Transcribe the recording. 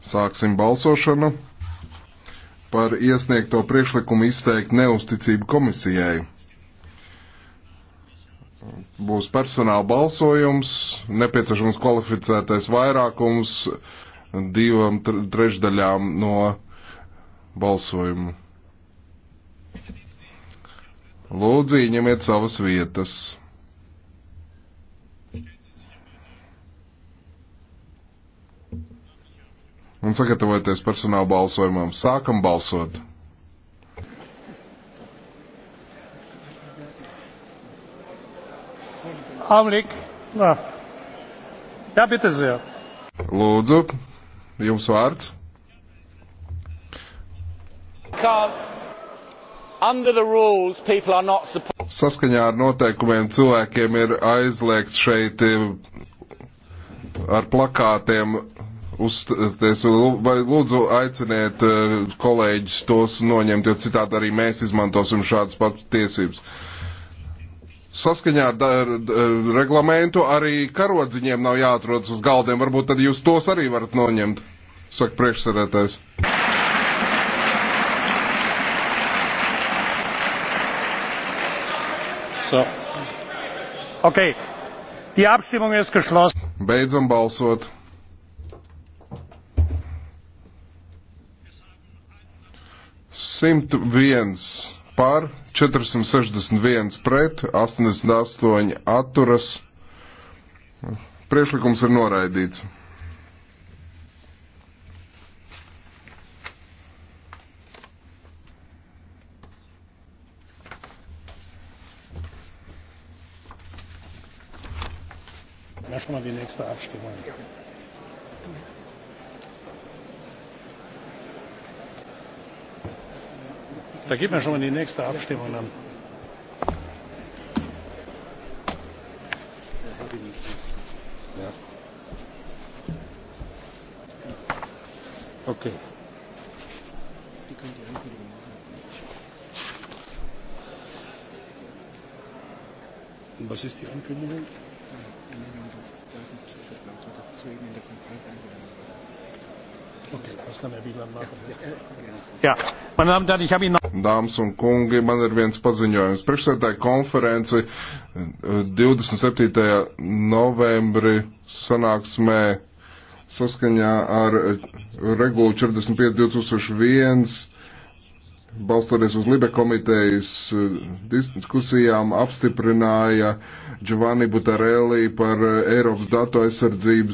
Sāksim balsošanu par iesniegto priekšlikumu izteikt neusticību komisijai. Būs personāla balsojums, nepieciešams kvalificētais vairākums divām trešdaļām no balsojumu. Lūdzu, ņemiet savas vietas. un sagatavoties personāla balsojumam. Sākam balsot! Augenblick. Ja. ja, bitte sehr. Lūdzu, jums vārds. Rules, Saskaņā ar noteikumiem cilvēkiem ir aizliegts šeit eh, ar plakātiem uzstāties. Vai lūdzu aiciniet eh, kolēģis tos noņemt, jo citādi arī mēs izmantosim šādas pat tiesības. Saskaņā ar, ar, ar reglamentu arī karodziņiem nav jāatrodas uz galdiem. Varbūt tad jūs tos arī varat noņemt, saka priekšsarētājs. So. Okay. Die Abstimmung ist geschlossen. Beidzam balsot. 101 par, 461 pret, 88 atturas. Priešlikums ir noraidīts. Ja, schon mal die nächste Abstimmung. Ja. da geht man schon in die nächste abstimmung dann. Okay. Und was ist die Ankündigung? Die Ernennung des Datenschutzbeauftragten zu ihm in der Konferenz eingeladen wurde. Er Dāmas un kungi, man ir viens paziņojums. Priekšsēdētāja konferenci eh, 27. novembri sanāksmē saskaņā ar eh, regulu 45.2001, balstoties uz Libe komitejas eh, diskusijām, apstiprināja Giovanni Butarelli par Eiropas datu aizsardzības